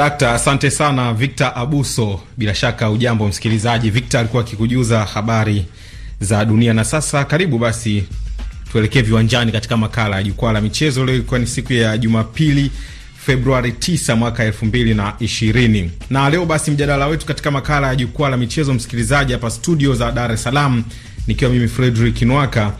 dakta. Asante sana Victor Abuso. Bila shaka ujambo msikilizaji, Victor alikuwa akikujuza habari za dunia, na sasa karibu basi tuelekee viwanjani katika makala ya jukwaa la michezo. Leo ilikuwa ni siku ya Jumapili, Februari 9 mwaka 2020, na leo basi mjadala wetu katika makala ya jukwaa la michezo, msikilizaji, hapa studio za Dar es Salaam, nikiwa mimi Fredrick Nwaka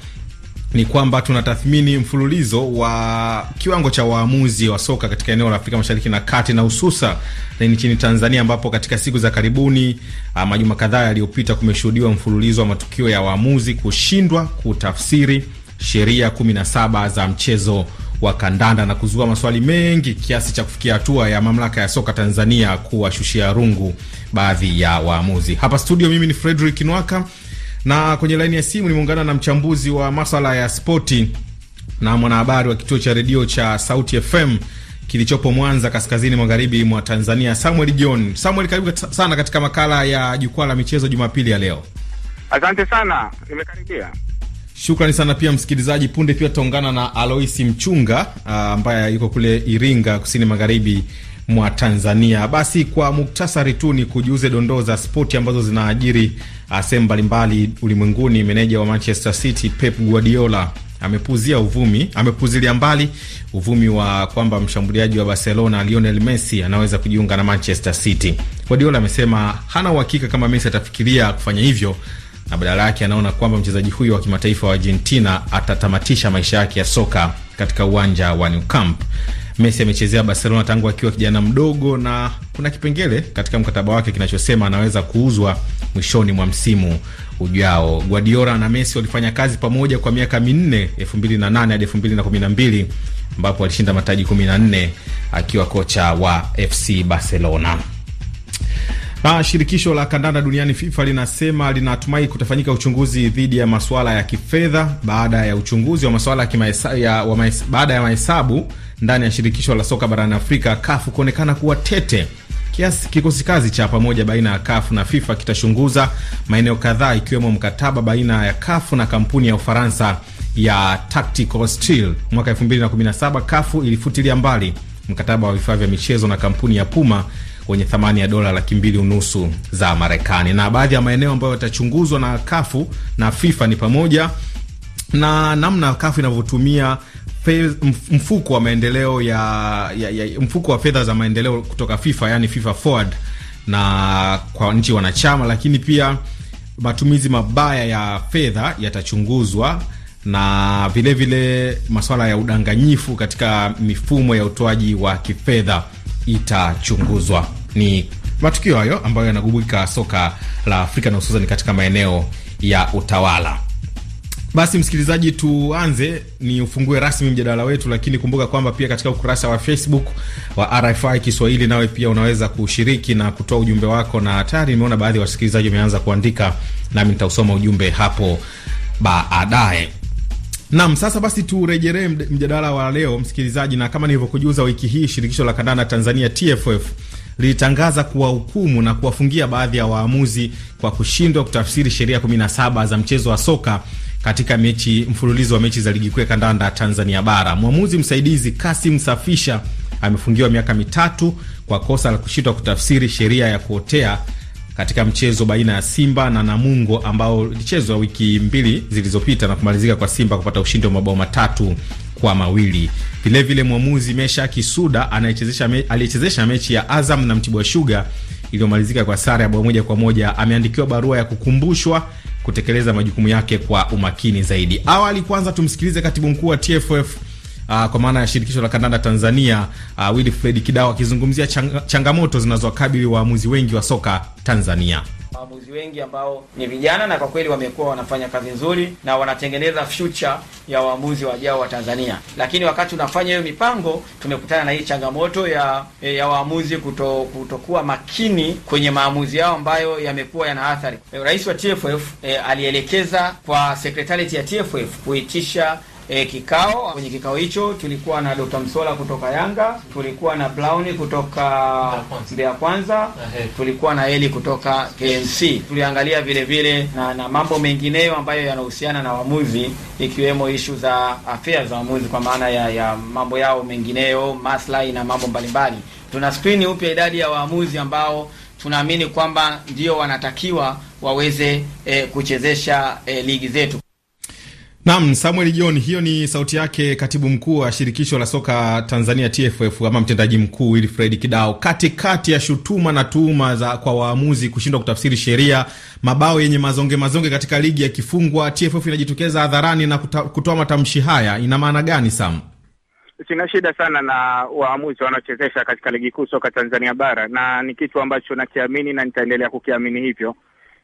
ni kwamba tunatathmini mfululizo wa kiwango cha waamuzi wa soka katika eneo la Afrika Mashariki na Kati na hususa nchini Tanzania, ambapo katika siku za karibuni, ah, majuma kadhaa yaliyopita, kumeshuhudiwa mfululizo wa matukio ya waamuzi kushindwa kutafsiri sheria 17 za mchezo wa kandanda na kuzua maswali mengi kiasi cha kufikia hatua ya mamlaka ya soka Tanzania kuwashushia rungu baadhi ya waamuzi. Hapa studio, mimi ni Fredrick Nwaka. Na kwenye laini ya simu nimeungana na mchambuzi wa maswala ya spoti na mwanahabari wa kituo cha redio cha Sauti FM kilichopo Mwanza, kaskazini magharibi mwa Tanzania, Samuel John. Samuel, karibu sana katika makala ya jukwaa la michezo Jumapili ya leo. Asante sana, nimekaribia. Shukrani sana pia msikilizaji. Punde pia tutaungana na Aloisi Mchunga ah, ambaye yuko kule Iringa, kusini magharibi mwa Tanzania. Basi kwa muktasari tu ni kujuze dondoo za spoti ambazo zinaajiri ah, sehemu mbalimbali ulimwenguni. Meneja wa Manchester City Pep Guardiola amepuzia uvumi, amepuzilia mbali uvumi wa kwamba mshambuliaji wa Barcelona Lionel Messi anaweza kujiunga na Manchester City. Guardiola amesema hana uhakika kama Messi atafikiria kufanya hivyo na badala yake anaona kwamba mchezaji huyo wa kimataifa wa Argentina atatamatisha maisha yake ya soka katika uwanja wa Nou Camp. Messi amechezea Barcelona tangu akiwa kijana mdogo, na kuna kipengele katika mkataba wake kinachosema anaweza kuuzwa mwishoni mwa msimu ujao. Guardiola na Messi walifanya kazi pamoja kwa miaka minne, 2008 hadi 2012 ambapo alishinda mataji 14 akiwa kocha wa FC Barcelona. Na shirikisho la kandanda duniani FIFA linasema linatumai kutafanyika uchunguzi dhidi ya masuala ya kifedha baada ya uchunguzi wa masuala ya baada ya mahesabu ndani ya shirikisho la soka barani Afrika CAF kuonekana kuwa tete kiasi. Kikosi kazi cha pamoja baina ya kafu na FIFA kitachunguza maeneo kadhaa ikiwemo mkataba baina ya kafu na kampuni ya Ufaransa ya Tactical Steel. Mwaka 2017 CAF ilifutilia mbali mkataba wa vifaa vya michezo na kampuni ya Puma wenye thamani ya dola laki mbili unusu za Marekani. Na baadhi ya maeneo ambayo yatachunguzwa na kafu na FIFA ni pamoja na namna kafu inavyotumia mfuko wa maendeleo ya, ya, ya mfuko wa fedha za maendeleo kutoka FIFA yani FIFA Forward na kwa nchi wanachama, lakini pia matumizi mabaya ya fedha yatachunguzwa na vilevile masuala ya udanganyifu katika mifumo ya utoaji wa kifedha itachunguzwa. Ni matukio hayo ambayo yanagubika soka la Afrika na hususani katika maeneo ya utawala. Basi msikilizaji, tuanze ni ufungue rasmi mjadala wetu, lakini kumbuka kwamba pia katika ukurasa wa Facebook wa RFI Kiswahili nawe pia unaweza kushiriki na kutoa ujumbe wako, na tayari nimeona baadhi ya wasikilizaji wameanza kuandika, nami nitausoma ujumbe hapo baadaye. Nam, sasa basi turejelee mjadala wa leo msikilizaji, na kama nilivyokujuza, wiki hii shirikisho la kandanda Tanzania TFF lilitangaza kuwahukumu na kuwafungia baadhi ya waamuzi kwa kushindwa kutafsiri sheria 17 za mchezo wa soka katika mechi mfululizo wa mechi za ligi kuu ya kandanda Tanzania bara. Mwamuzi msaidizi Kasim Safisha amefungiwa miaka mitatu kwa kosa la kushindwa kutafsiri sheria ya kuotea katika mchezo baina ya Simba na Namungo ambao ulichezwa wiki mbili zilizopita na kumalizika kwa Simba kupata ushindi wa mabao matatu kwa mawili. Vilevile mwamuzi Mesha Kisuda aliyechezesha mechi ya Azam na Mtibwa shuga iliyomalizika kwa sare ya bao moja kwa moja ameandikiwa barua ya kukumbushwa kutekeleza majukumu yake kwa umakini zaidi. Awali kwanza tumsikilize katibu mkuu wa TFF uh, kwa maana ya shirikisho la kandanda Tanzania uh, Wilfred Kidao akizungumzia chang changamoto zinazowakabili waamuzi wengi wa soka Tanzania waamuzi wengi ambao ni vijana na kwa kweli wamekuwa wanafanya kazi nzuri na wanatengeneza future ya waamuzi wajao wa Tanzania. Lakini wakati unafanya hiyo mipango, tumekutana na hii changamoto ya ya waamuzi kuto, kutokuwa makini kwenye maamuzi yao ambayo yamekuwa yana athari. Eh, rais wa TFF e, eh, alielekeza kwa secretariat ya TFF kuitisha e, kikao. Kwenye kikao hicho tulikuwa na Dr. Msola kutoka Yanga, tulikuwa na Brown kutoka Mbeya Kwanza, tulikuwa na Eli kutoka KMC. Tuliangalia vile vile na, na mambo mengineyo ambayo yanahusiana na waamuzi ikiwemo ishu za afya za waamuzi kwa maana ya, ya mambo yao mengineyo, maslahi na mambo mbalimbali. Tuna skrini upya idadi ya waamuzi ambao tunaamini kwamba ndio wanatakiwa waweze e, kuchezesha e, ligi zetu. Naam, Samuel John, hiyo ni sauti yake katibu mkuu wa shirikisho la soka Tanzania TFF ama mtendaji mkuu Wilfred Kidao, katikati ya shutuma na tuhuma za kwa waamuzi kushindwa kutafsiri sheria, mabao yenye mazonge mazonge katika ligi yakifungwa, TFF inajitokeza hadharani na kutoa matamshi haya. Ina maana gani Sam? Tuna shida sana na waamuzi wanaochezesha katika ligi kuu soka Tanzania bara, na ni kitu ambacho nakiamini na nitaendelea kukiamini hivyo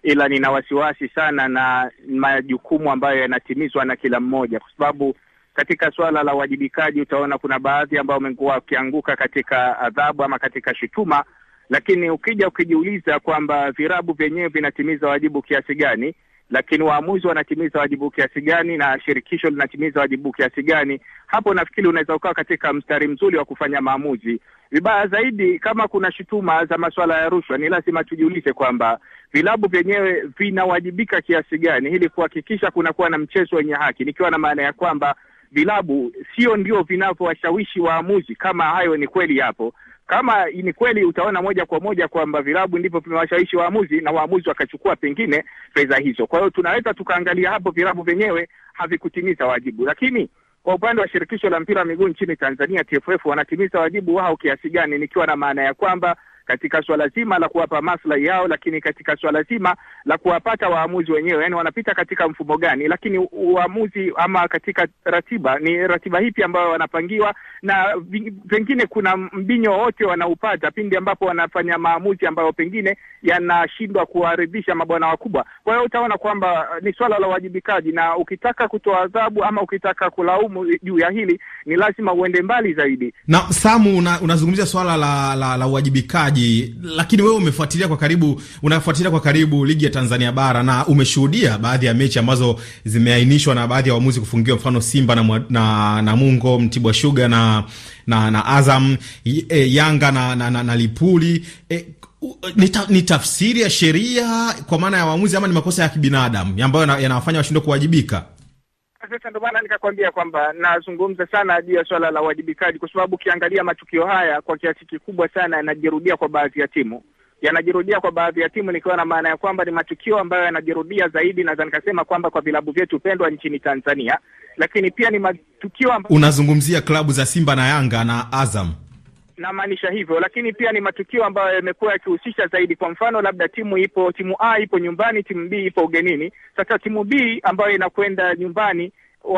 ila nina wasiwasi sana na majukumu ambayo yanatimizwa na kila mmoja, kwa sababu katika suala la uwajibikaji utaona kuna baadhi ambao wamekuwa wakianguka katika adhabu ama katika shutuma, lakini ukija ukijiuliza kwamba virabu vyenyewe vinatimiza wajibu kiasi gani, lakini waamuzi wanatimiza wajibu kiasi gani, na shirikisho linatimiza wajibu kiasi gani, hapo nafikiri unaweza ukawa katika mstari mzuri wa kufanya maamuzi. Vibaya zaidi, kama kuna shutuma za masuala ya rushwa, ni lazima tujiulize kwamba vilabu vyenyewe vinawajibika kiasi gani ili kuhakikisha kunakuwa na mchezo wenye haki, nikiwa na maana ya kwamba vilabu sio ndio vinavyowashawishi waamuzi. Kama hayo ni kweli yapo, kama ni kweli, utaona moja kwa moja kwamba vilabu ndivyo vimewashawishi waamuzi na waamuzi wakachukua pengine fedha hizo. Kwa hiyo tunaweza tukaangalia hapo vilabu vyenyewe havikutimiza wajibu, lakini kwa upande wa shirikisho la mpira wa miguu nchini Tanzania TFF wanatimiza wajibu wao kiasi gani, nikiwa na maana ya kwamba katika swala zima la kuwapa maslahi yao, lakini katika swala zima la kuwapata waamuzi wenyewe, yani wanapita katika mfumo gani, lakini uamuzi ama katika ratiba, ni ratiba hipi ambayo wanapangiwa, na pengine kuna mbinyo wote wanaupata pindi ambapo wanafanya maamuzi ambayo pengine yanashindwa kuwaridhisha mabwana wakubwa. Kwa hiyo utaona kwamba uh, ni swala la uwajibikaji, na ukitaka kutoa adhabu ama ukitaka kulaumu juu ya hili, ni lazima uende mbali zaidi. Na Samu, unazungumzia una swala la, la, la uwajibikaji mtazamaji, lakini wewe umefuatilia kwa karibu, unafuatilia kwa karibu ligi ya Tanzania bara na umeshuhudia baadhi ya mechi ambazo zimeainishwa na baadhi ya waamuzi kufungiwa, mfano Simba na, na, Mungo, Mtibwa shuga na, na, na Azam, e, Yanga na, na, na, na Lipuli e, ni tafsiri ya sheria kwa maana ya waamuzi ama ni makosa ya kibinadamu ambayo yanawafanya washindwe kuwajibika? Sasa ndio maana nikakwambia kwamba nazungumza sana juu ya swala la uwajibikaji, kwa sababu ukiangalia matukio haya kwa kiasi kikubwa sana yanajirudia kwa baadhi ya timu yanajirudia kwa baadhi ya timu, nikiwa na maana ya kwamba ni matukio ambayo yanajirudia zaidi, naweza nikasema kwamba kwa vilabu vyetu pendwa nchini Tanzania, lakini pia ni matukio ambayo... unazungumzia klabu za Simba na Yanga na Azam namaanisha hivyo, lakini pia ni matukio ambayo yamekuwa yakihusisha zaidi. Kwa mfano, labda timu ipo timu A ipo nyumbani, timu B ipo ugenini. Sasa timu B ambayo inakwenda nyumbani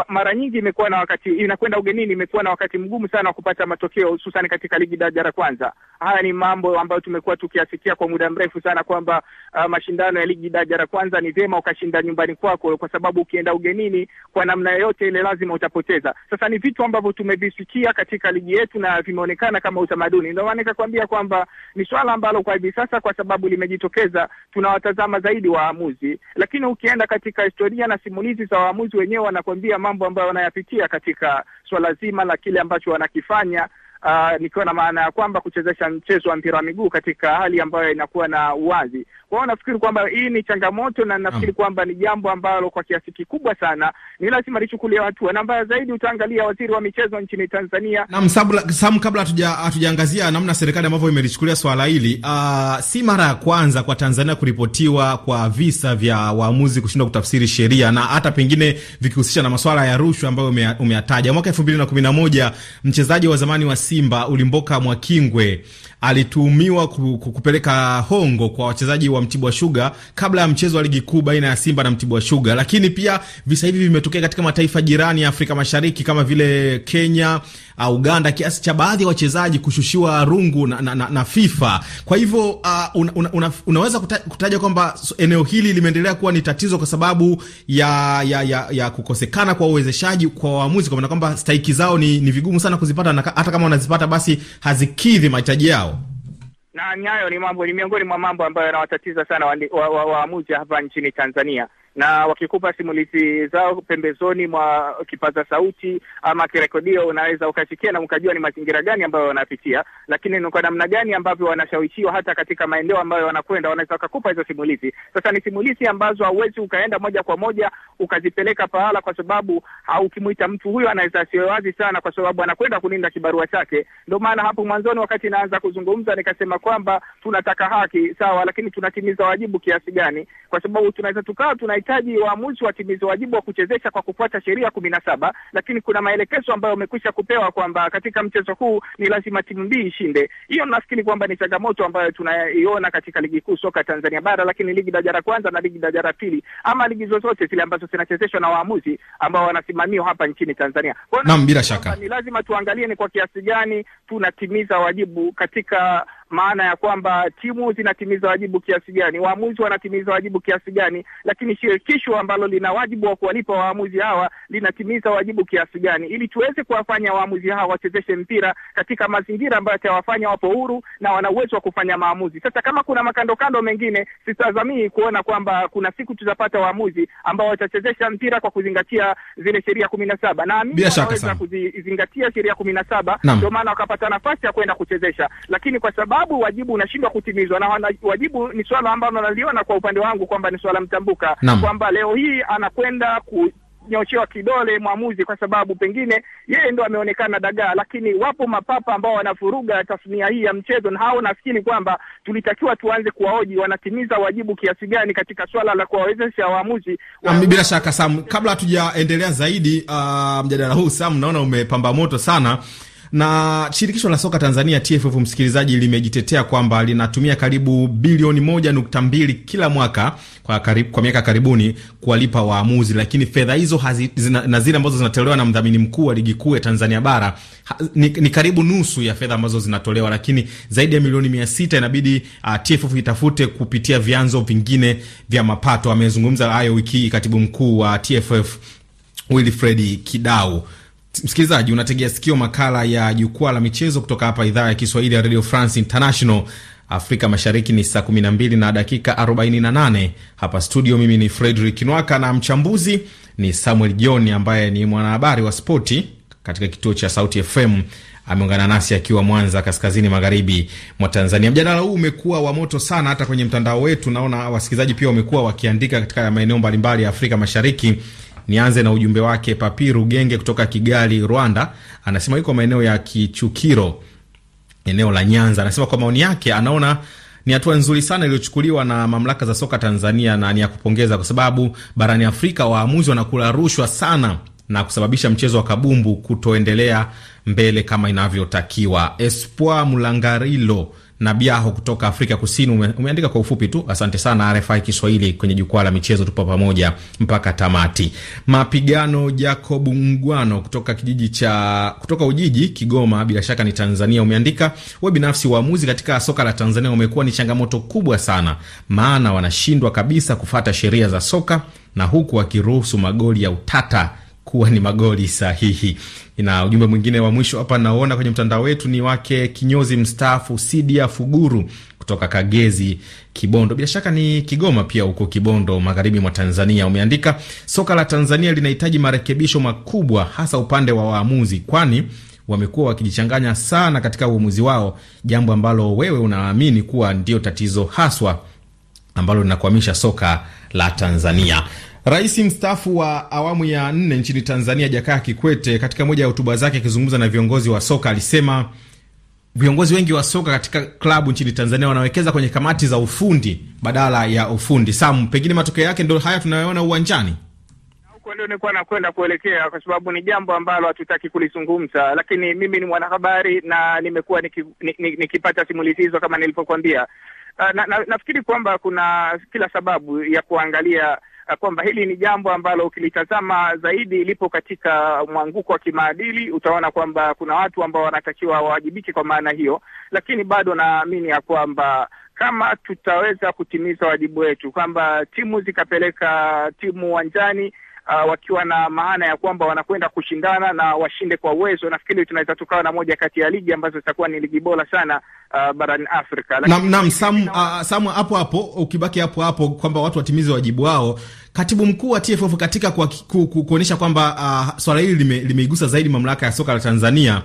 mara nyingi imekuwa na wakati inakwenda ugenini, imekuwa na wakati mgumu sana wa kupata matokeo, hususan katika ligi daraja la kwanza. Haya ni mambo ambayo tumekuwa tukiasikia kwa muda mrefu sana kwamba uh, mashindano ya ligi daraja la kwanza ni vyema ukashinda nyumbani kwako, kwa sababu ukienda ugenini kwa namna yoyote ile lazima utapoteza. Sasa ni vitu ambavyo tumevisikia katika ligi yetu na vimeonekana kama utamaduni. Ndio maana nikakwambia kwamba ni swala ambalo kwa hivi sasa, kwa sababu limejitokeza, tunawatazama zaidi waamuzi, lakini ukienda katika historia na simulizi za waamuzi wenyewe wanakwambia mambo ambayo wanayapitia katika swala zima la kile ambacho wanakifanya uh, nikiwa na maana ya kwamba kuchezesha mchezo wa mpira wa miguu katika hali ambayo inakuwa na uwazi. Kwa hiyo nafikiri kwamba hii ni changamoto na nafikiri kwamba ni jambo ambalo kwa kiasi kikubwa sana ni lazima lichukulia hatua, na mbaya zaidi utaangalia waziri wa michezo nchini Tanzania na Sam, kabla hatujaangazia namna serikali ambavyo imelichukulia swala hili uh, si mara ya kwanza kwa Tanzania kuripotiwa kwa visa vya waamuzi kushindwa kutafsiri sheria na hata pengine vikihusisha na masuala ya rushwa ambayo umeyataja. Mwaka 2011 mchezaji wa zamani wa Simba Ulimboka Mwakingwe alituhumiwa kupeleka hongo kwa wachezaji wa Mtibwa Sugar kabla ya mchezo wa ligi kuu baina ya Simba na Mtibwa Sugar. Lakini pia visa hivi vimetokea katika mataifa jirani ya Afrika Mashariki kama vile Kenya, uh, Uganda, kiasi cha baadhi ya wachezaji kushushiwa rungu na, na, na, na FIFA. Kwa hivyo uh, una, una, unaweza kutaja kwamba eneo hili limeendelea kuwa ni tatizo kwa sababu ya, ya, ya, ya kukosekana kwa uwezeshaji kwa waamuzi, kwa maana kwamba stahiki zao ni, ni vigumu sana kuzipata na hata kama wanazipata basi hazikidhi mahitaji yao na nyayo ni mambo ni miongoni mwa mambo ambayo yanawatatiza sana waamuzi wa, wa, wa hapa nchini Tanzania na wakikupa simulizi zao pembezoni mwa kipaza sauti ama kirekodio, unaweza ukasikia na ukajua ni mazingira gani ambayo wanapitia, lakini ni kwa namna gani ambavyo wanashawishiwa hata katika maeneo ambayo wanakwenda, wanaweza wakakupa hizo simulizi. Sasa ni simulizi ambazo hauwezi ukaenda moja kwa moja ukazipeleka pahala, kwa sababu ukimwita mtu huyo anaweza asiwe wazi sana, kwa sababu anakwenda kuninda kibarua chake. Ndio maana hapo mwanzoni, wakati naanza kuzungumza, nikasema kwamba tunataka haki sawa, lakini tunatimiza wajibu kiasi gani? Kwa sababu tunaweza tukawa tuna unahitaji waamuzi watimize wajibu wa kuchezesha kwa kufuata sheria kumi na saba, lakini kuna maelekezo ambayo wamekwisha kupewa kwamba katika mchezo huu ni lazima timu mbili ishinde. Hiyo nafikiri kwamba ni changamoto ambayo tunaiona katika ligi kuu soka Tanzania bara, lakini ligi daraja la kwanza na ligi daraja la pili ama ligi zozote zile ambazo zinachezeshwa na waamuzi ambao wanasimamiwa hapa nchini Tanzania. Naam, bila shaka ni lazima tuangalie ni kwa kiasi gani tunatimiza wajibu katika maana ya kwamba timu zinatimiza wajibu kiasi gani, waamuzi wanatimiza wajibu kiasi gani, lakini shirikisho ambalo lina wajibu wa kuwalipa waamuzi hawa linatimiza wajibu kiasi gani, ili tuweze kuwafanya waamuzi hawa wachezeshe mpira katika mazingira ambayo yatawafanya wapo huru na wana uwezo wa kufanya maamuzi. Sasa kama kuna makandokando mengine, sitazamii kuona kwamba kuna siku tutapata waamuzi ambao watachezesha mpira kwa kuzingatia zile sheria kumi na saba. Naamini wanaweza kuzizingatia sheria kumi na saba, ndio maana wakapata nafasi ya kwenda kuchezesha, lakini kwa sababu sababu wajibu unashindwa kutimizwa, na wajibu ni swala ambalo naliona kwa upande wangu kwamba ni swala mtambuka, kwamba leo hii anakwenda ku nyoshewa kidole mwamuzi kwa sababu pengine yeye ndo ameonekana dagaa, lakini wapo mapapa ambao wanavuruga tasnia hii ya mchezo, na hao nafikiri kwamba tulitakiwa tuanze kuwaoji wanatimiza wajibu kiasi gani katika swala la kuwawezesha waamuzi wa... bila shaka Sam, kabla hatujaendelea zaidi uh, mjadala huu Sam, naona umepamba moto sana na shirikisho la soka Tanzania TFF, msikilizaji, limejitetea kwamba linatumia karibu bilioni moja nukta mbili kila mwaka kwa, karibu, kwa miaka karibuni kuwalipa waamuzi, lakini fedha hizo hazi, zina, na zile ambazo zinatolewa na mdhamini mkuu wa ligi kuu ya Tanzania bara ha, ni, ni karibu nusu ya fedha ambazo zinatolewa, lakini zaidi ya milioni mia sita inabidi uh, ah, TFF itafute kupitia vyanzo vingine vya mapato. Amezungumza hayo wiki hii katibu mkuu wa TFF Wilfred Kidau. Msikilizaji, unategea sikio makala ya jukwaa la michezo kutoka hapa idhaa ya Kiswahili ya Radio France International. Afrika Mashariki ni saa 12 na dakika 48. Hapa studio, mimi ni Fredrick Nwaka na mchambuzi ni Samuel John ambaye ni mwanahabari wa spoti katika kituo cha Sauti FM ameungana nasi akiwa Mwanza, kaskazini magharibi mwa Tanzania. Mjadala huu umekuwa wa moto sana, hata kwenye mtandao wetu naona wasikilizaji pia wamekuwa wakiandika katika maeneo mbalimbali ya Afrika Mashariki Nianze na ujumbe wake Papi Rugenge kutoka Kigali, Rwanda. Anasema yuko maeneo ya Kichukiro, eneo la Nyanza. Anasema kwa maoni yake anaona ni hatua nzuri sana iliyochukuliwa na mamlaka za soka Tanzania na ni ya kupongeza, kwa sababu barani Afrika waamuzi wanakula rushwa sana na kusababisha mchezo wa kabumbu kutoendelea mbele kama inavyotakiwa. Espoir Mulangarilo na Biaho kutoka Afrika Kusini. Umeandika kwa ufupi tu, asante sana RFI Kiswahili kwenye jukwaa la michezo, tupo pamoja mpaka tamati. Mapigano Jacob Mgwano kutoka kijiji cha kutoka Ujiji, Kigoma, bila shaka ni Tanzania. Umeandika we binafsi, waamuzi katika soka la Tanzania umekuwa ni changamoto kubwa sana, maana wanashindwa kabisa kufata sheria za soka na huku wakiruhusu magoli ya utata kuwa ni magoli sahihi. Na ujumbe mwingine wa mwisho hapa naona kwenye mtandao wetu ni wake kinyozi mstaafu Sidia Fuguru kutoka Kagezi, Kibondo, bila shaka ni Kigoma pia, huko Kibondo, magharibi mwa Tanzania. Umeandika, soka la Tanzania linahitaji marekebisho makubwa, hasa upande wa waamuzi, kwani wamekuwa wakijichanganya sana katika uamuzi wao, jambo ambalo wewe unaamini kuwa ndio tatizo haswa ambalo linakwamisha soka la Tanzania. Rais mstaafu wa awamu ya nne nchini Tanzania Jakaya Kikwete, katika moja ya hotuba zake akizungumza na viongozi wa soka, alisema viongozi wengi wa soka katika klabu nchini Tanzania wanawekeza kwenye kamati za ufundi badala ya ufundi. Sam, pengine matokeo yake ndo haya tunayoona uwanjani huko. nilikuwa nakwenda kuelekea, kwa sababu ni jambo ambalo hatutaki kulizungumza, lakini mimi ni mwanahabari na nimekuwa nikipata simulizi hizo kama nilivyokuambia. Ah, na, na, nafikiri kwamba kuna kila sababu ya kuangalia kwamba hili ni jambo ambalo ukilitazama zaidi lipo katika mwanguko wa kimaadili, utaona kwamba kuna watu ambao wanatakiwa wawajibike kwa maana hiyo, lakini bado naamini ya kwamba kama tutaweza kutimiza wajibu wetu kwamba timu zikapeleka timu uwanjani Uh, wakiwa na maana ya kwamba wanakwenda kushindana na washinde kwa uwezo. Nafikiri tunaweza tukawa na moja kati ya ligi ambazo zitakuwa ni ligi bora sana Uh, barani Afrika. Naam, Sam, uh, hapo hapo ukibaki hapo hapo kwamba watu watimize wajibu wao. Katibu mkuu wa TFF katika kuonyesha ku, kwamba uh, swala hili lime, limeigusa zaidi mamlaka ya soka la Tanzania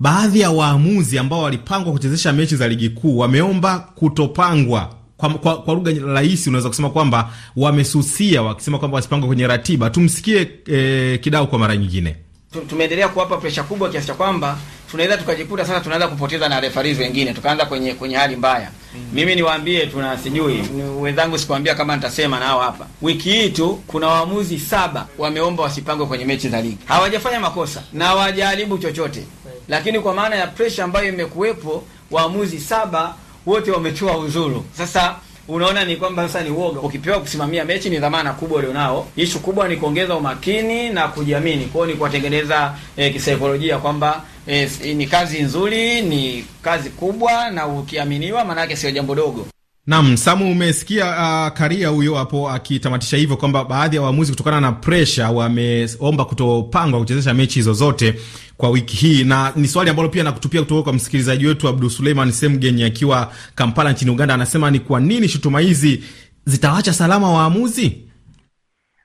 baadhi ya waamuzi ambao walipangwa kuchezesha mechi za ligi kuu wameomba kutopangwa. Kwa, kwa, kwa lugha rahisi unaweza kusema kwamba wamesusia, wakisema kwamba wasipangwe kwenye ratiba. Tumsikie eh, Kidau kwa mara nyingine tumeendelea kuwapa presha kubwa kiasi cha kwamba tunaweza tukajikuta sasa tunaanza kupoteza na refaris wengine, tukaanza kwenye kwenye hali mbaya mm. Mimi niwaambie, tuna sijui wenzangu, sikuambia kama nitasema nao hapa. Wiki hii tu kuna waamuzi saba wameomba wasipangwe kwenye mechi za ligi. Hawajafanya makosa na hawajaharibu chochote, lakini kwa maana ya presha ambayo imekuwepo, waamuzi saba wote wamechoa uzuru. Sasa unaona ni kwamba sasa ni uoga. Ukipewa kusimamia mechi ni dhamana kubwa ulionao. Ishu kubwa ni kuongeza umakini na kujiamini. Kwao ni kuwatengeneza eh, kisaikolojia kwamba eh, ni kazi nzuri, ni kazi kubwa, na ukiaminiwa, maanake sio jambo dogo. Naam, Samu, umesikia uh, Karia huyo hapo akitamatisha hivyo kwamba baadhi ya waamuzi kutokana na presha wameomba kutopangwa kuchezesha mechi zozote kwa wiki hii, na ni swali ambalo pia nakutupia kutoka kwa msikilizaji wetu Abdu Suleiman semgeni akiwa Kampala nchini Uganda. Anasema ni kwa nini shutuma hizi zitawacha salama waamuzi?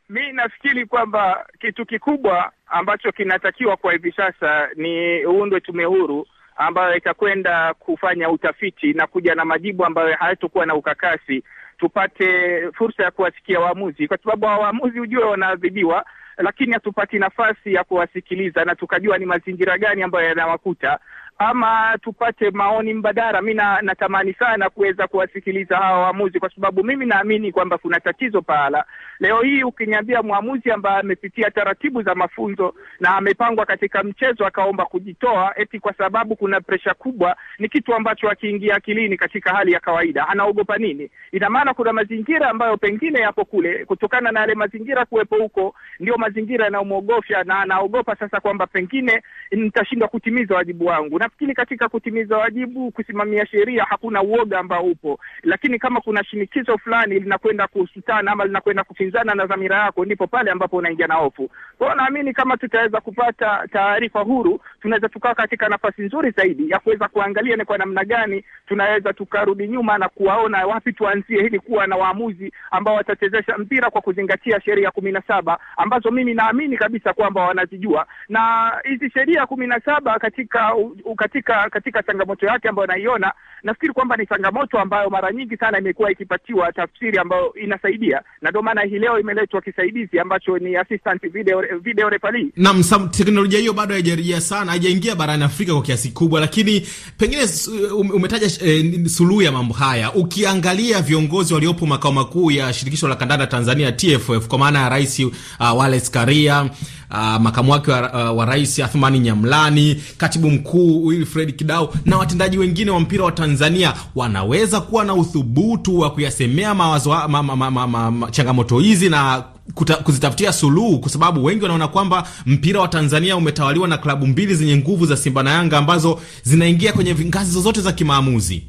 Mi nafikiri kwamba kitu kikubwa ambacho kinatakiwa kwa hivi sasa ni uundwe tume huru ambayo itakwenda kufanya utafiti na kuja na majibu ambayo hayatokuwa na ukakasi, tupate fursa ya kuwasikia waamuzi, kwa sababu waamuzi hujue wanaadhibiwa lakini hatupati nafasi ya kuwasikiliza na tukajua ni mazingira gani ambayo yanawakuta ama tupate maoni mbadala. Mi natamani sana kuweza kuwasikiliza hawa waamuzi, kwa sababu mimi naamini kwamba kuna tatizo pahala. Leo hii ukiniambia mwamuzi ambaye amepitia taratibu za mafunzo na amepangwa katika mchezo akaomba kujitoa eti kwa sababu kuna presha kubwa, ni kitu ambacho akiingia akilini katika hali ya kawaida, anaogopa nini? Ina maana kuna mazingira ambayo pengine yapo kule, kutokana na yale mazingira kuwepo huko, ndio mazingira yanayomwogofya na anaogopa sasa kwamba pengine nitashindwa kutimiza wajibu wangu na nafikiri katika kutimiza wajibu, kusimamia sheria, hakuna uoga ambao upo, lakini kama kuna shinikizo fulani linakwenda kusutana ama linakwenda kukinzana na dhamira yako, ndipo pale ambapo unaingia na hofu. Kwa hiyo naamini kama tutaweza kupata taarifa huru, tunaweza tukaa katika nafasi nzuri zaidi ya kuweza kuangalia ni kwa namna gani tunaweza tukarudi nyuma na kuwaona wapi tuanzie, ili kuwa na waamuzi ambao watachezesha mpira kwa kuzingatia sheria kumi na saba ambazo mimi naamini kabisa kwamba wanazijua, na hizi sheria kumi na saba katika katika katika changamoto yake ambayo naiona, nafikiri kwamba ni changamoto ambayo mara nyingi sana imekuwa ikipatiwa tafsiri ambayo inasaidia, na ndio maana hii leo imeletwa kisaidizi ambacho ni assistant video video referee. Naam, teknolojia hiyo bado haijarejea sana, haijaingia barani Afrika kwa kiasi kubwa, lakini pengine um, umetaja eh, suluhu ya mambo haya. Ukiangalia viongozi waliopo makao makuu ya shirikisho la kandanda Tanzania TFF, kwa maana ya Rais uh, Wallace Karia uh, makamu wake wa, uh, wa Rais Athmani Nyamlani, katibu mkuu Wilfred Kidau na watendaji wengine wa mpira wa Tanzania wanaweza kuwa na uthubutu wa kuyasemea mawazo ma, ma, ma, ma, ma, changamoto hizi na kuta, kuzitafutia suluhu, kwa sababu wengi wanaona kwamba mpira wa Tanzania umetawaliwa na klabu mbili zenye nguvu za Simba na Yanga ambazo zinaingia kwenye ngazi zozote za kimaamuzi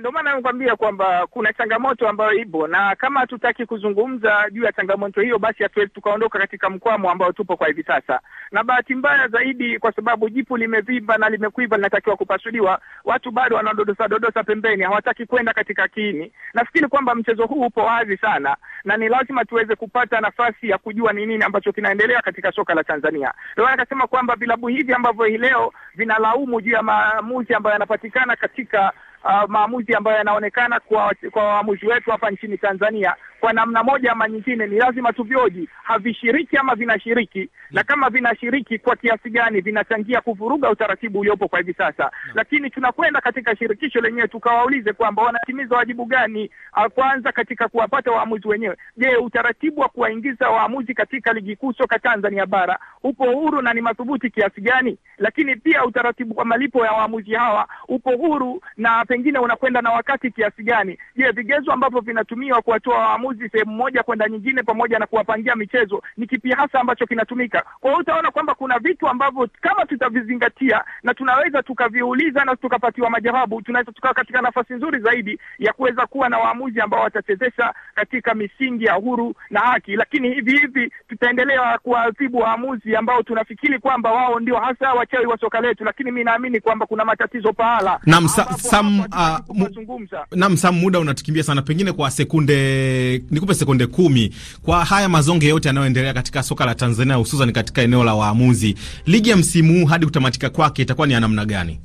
ndio maana nakwambia kwamba kuna changamoto ambayo ipo, na kama hatutaki kuzungumza juu ya changamoto hiyo, basi hatuwezi tukaondoka katika mkwamo ambao tupo kwa hivi sasa. Na bahati mbaya zaidi, kwa sababu jipu limevimba na limekuiva, linatakiwa kupasuliwa, watu bado wanadodosa dodosa pembeni, hawataki kwenda katika kiini. Nafikiri kwamba mchezo huu upo wazi sana, na ni lazima tuweze kupata nafasi ya kujua ni nini ambacho kinaendelea katika soka la Tanzania. Ndio maana akasema kwamba vilabu hivi ambavyo hii leo vinalaumu juu ya maamuzi ambayo yanapatikana katika uh, maamuzi ambayo yanaonekana kwa kwa waamuzi wetu hapa nchini Tanzania kwa namna moja ama nyingine ni lazima tuvioji, havishiriki ama vinashiriki mm. na kama vinashiriki kwa kiasi gani vinachangia kuvuruga utaratibu uliopo kwa hivi sasa mm. Lakini tunakwenda katika shirikisho lenyewe tukawaulize kwamba wanatimiza wajibu gani, ah, kwanza katika kuwapata waamuzi wenyewe. Je, utaratibu wa kuwaingiza waamuzi katika ligi kuu soka Tanzania bara upo huru na ni madhubuti kiasi gani? Lakini pia utaratibu wa malipo ya waamuzi hawa upo huru na pengine unakwenda na wakati kiasi gani? Je, vigezo ambavyo vinatumiwa kuwatoa waamuzi uchaguzi sehemu moja kwenda nyingine, pamoja na kuwapangia michezo, ni kipi hasa ambacho kinatumika. Kwa hiyo utaona kwamba kuna vitu ambavyo kama tutavizingatia na tunaweza tukaviuliza na tukapatiwa majawabu, tunaweza tukawa katika nafasi nzuri zaidi ya kuweza kuwa na waamuzi ambao watachezesha katika misingi ya uhuru na haki. Lakini hivi hivi tutaendelea kuwaadhibu waamuzi ambao tunafikiri kwamba wao ndio hasa wachawi wa soka letu, lakini mi naamini kwamba kuna matatizo pahala. Naam, Sam, uh, muda unatukimbia sana, pengine kwa sekunde nikupe sekunde kumi kwa haya mazonge yote yanayoendelea katika soka la Tanzania, hususan katika eneo la waamuzi. Ligi ya msimu huu hadi kutamatika kwake itakuwa ni ya namna gani?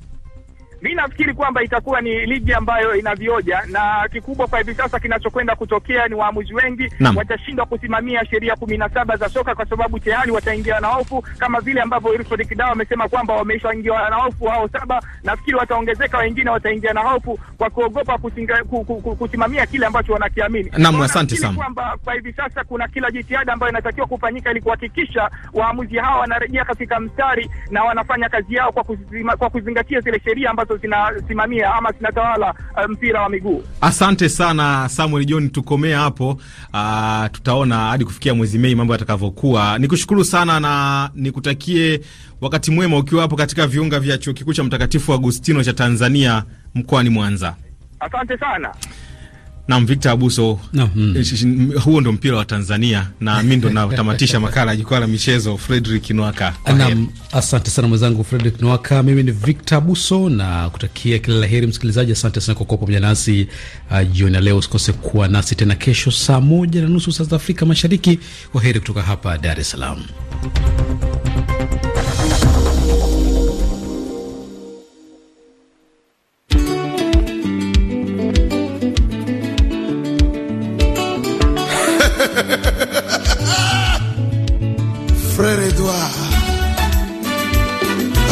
nafikiri kwamba itakuwa ni ligi ambayo inavioja, na kikubwa kwa hivi sasa kinachokwenda kutokea ni waamuzi wengi watashindwa kusimamia sheria kumi na saba za soka, kwa sababu tayari wataingia na hofu, kama vile ambavyo Wilfred Kidao amesema kwamba wameshaingia na hofu hao saba. Nafikiri wataongezeka wengine, wataingia na hofu kwa kuogopa kusimamia kile ambacho wanakiamini. Naam, asante sana kwamba kwa hivi sasa kuna kila jitihada ambayo inatakiwa kufanyika ili kuhakikisha waamuzi hawa wanarejea katika mstari na wanafanya kazi yao kwa, kuzima, kwa kuzingatia zile sheria ambazo zina sinasimamia ama sinatawala eh, mpira wa miguu. Asante sana Samuel John, tukomea hapo. Aa, ah, tutaona hadi kufikia mwezi Mei mambo yatakavyokuwa. Nikushukuru sana na nikutakie wakati mwema ukiwa hapo katika viunga vya chuo kikuu cha Mtakatifu Agustino cha Tanzania mkoani Mwanza. Asante sana. Nam Victor Abuso no, mm. Eh, huo ndo mpira wa Tanzania na mi ndo natamatisha makala ya jukwaa la michezo. fredrik Nwaka, nam, asante sana mwenzangu fredrik Nwaka. Mimi ni Victor Abuso na kutakia kila la heri msikilizaji, asante sana kwa kuwa pamoja nasi uh, jioni ya leo. Usikose kuwa nasi tena kesho saa moja na nusu saa za Afrika Mashariki. Kwa heri kutoka hapa Dar es Salaam.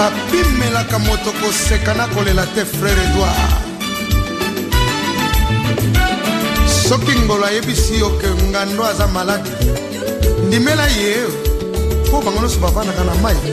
abimelaka moto koseka na kolela te frere edward soki ngolo ayebisi yo ke ngando aza maladi ndimela ye mpo bango nyonso bavandaka na mai te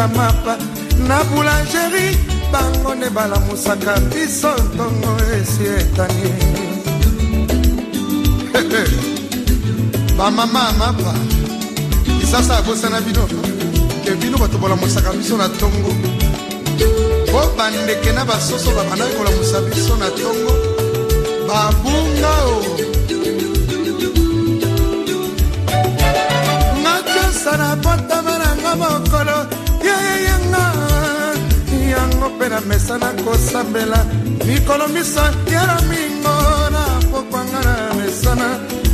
batekaka mapa na boulangerie bango nde balamusaka biso ntongo esi etani bamama mapa lisasa abosana bino ke bino bato bolamusaka biso na ntongo mpo bandeke na basoso babandaki kolamusa biso na ntongo babunga o ngatiosana botama nanga mokolo yeyeyanga yango mpe na mesa nakosambela mikolo miso yara mingo na pokwanga na mesana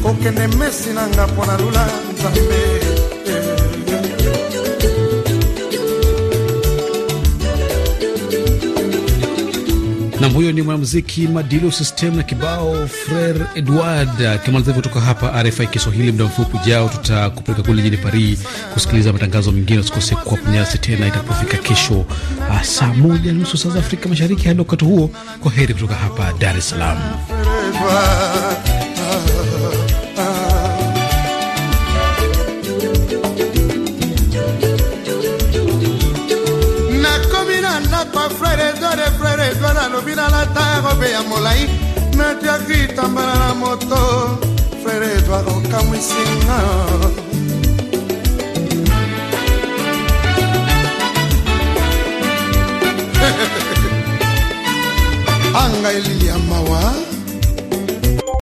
kokende mesi nanga mpo na lula nzambe Nam, huyo ni mwanamuziki Madilo System na kibao Frere Edward. kimaliza hivyo kutoka hapa RFI Kiswahili, muda mfupi ujao tutakupeleka kule jijini Paris kusikiliza matangazo mengine. Usikose kuwa pamoja nasi tena itakapofika kesho ah, saa moja nusu saa za Afrika Mashariki. Hadi wakati huo, kwa heri kutoka hapa Dar es Salaam. frere edware frere edware alobi na lata robe ya molai natiaki tambala na moto frere edware okamwisinga anga eliya mawa